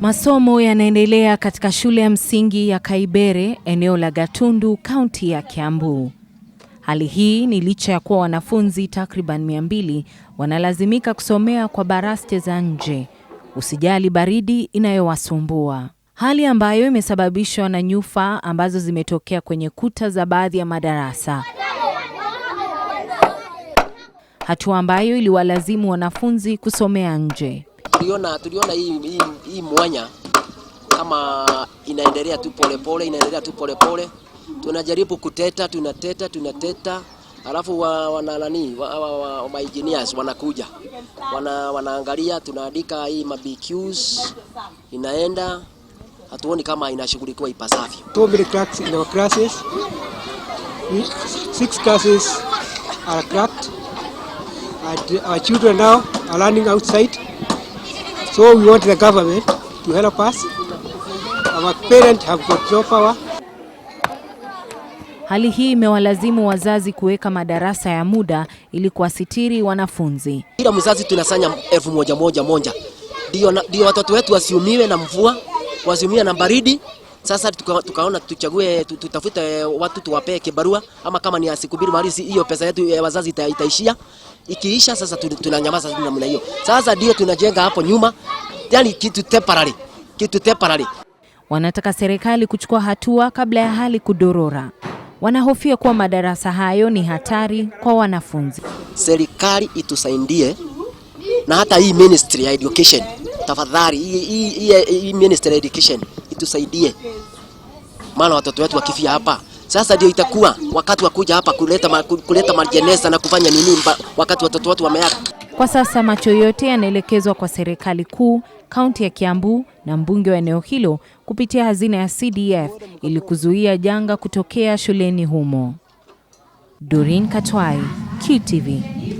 Masomo yanaendelea katika shule ya msingi ya Kaibere eneo la Gatundu kaunti ya Kiambu. Hali hii ni licha ya kuwa wanafunzi takriban 200 wanalazimika kusomea kwa baraste za nje, usijali baridi inayowasumbua. Hali ambayo imesababishwa na nyufa ambazo zimetokea kwenye kuta za baadhi ya madarasa. Hatua ambayo iliwalazimu wanafunzi kusomea nje tuliona tuliona hii, hii, hii mwanya kama inaendelea tu polepole, inaendelea tu polepole, tunajaribu kuteta, tunateta, tunateta alafu wa, wana nani wa, wa, wa, wa, engineers wanakuja wana, wanaangalia tunaandika hii mabqs inaenda, hatuoni kama inashughulikiwa ipasavyo. Two many cracks in our classes, six classes are cracked and our children now are learning outside So we want the government to help us. Our parents have got no power. Hali hii imewalazimu wazazi kuweka madarasa ya muda ili kuwasitiri wanafunzi. Kila mzazi tunasanya elfu moja moja moja, ndio watoto wetu wasiumiwe na mvua, wasiumiwe na baridi. Sasa tuka, tukaona tuchague tutafute watu tuwapee kibarua ama kama ni asikubiri mali hiyo pesa yetu ya wazazi ita, itaishia. Ikiisha sasa tunanyamaza tuna namna hiyo. Sasa ndio tunajenga hapo nyuma. Yaani kitu temporary. Kitu temporary. Wanataka serikali kuchukua hatua kabla ya hali kudorora. Wanahofia kuwa madarasa hayo ni hatari kwa wanafunzi. Serikali itusaidie na hata hii ministry ya education tafadhali, hii, hii, hii ministry ya education tusaidie, maana watoto wetu wakifia hapa sasa ndio itakuwa wakati wa kuja hapa kuleta, kuleta majeneza na kufanya nini wakati watoto wetu wameaka. Kwa sasa macho yote yanaelekezwa kwa serikali kuu, kaunti ya Kiambu na mbunge wa eneo hilo kupitia hazina ya CDF ili kuzuia janga kutokea shuleni humo. Doreen Katwai, QTV.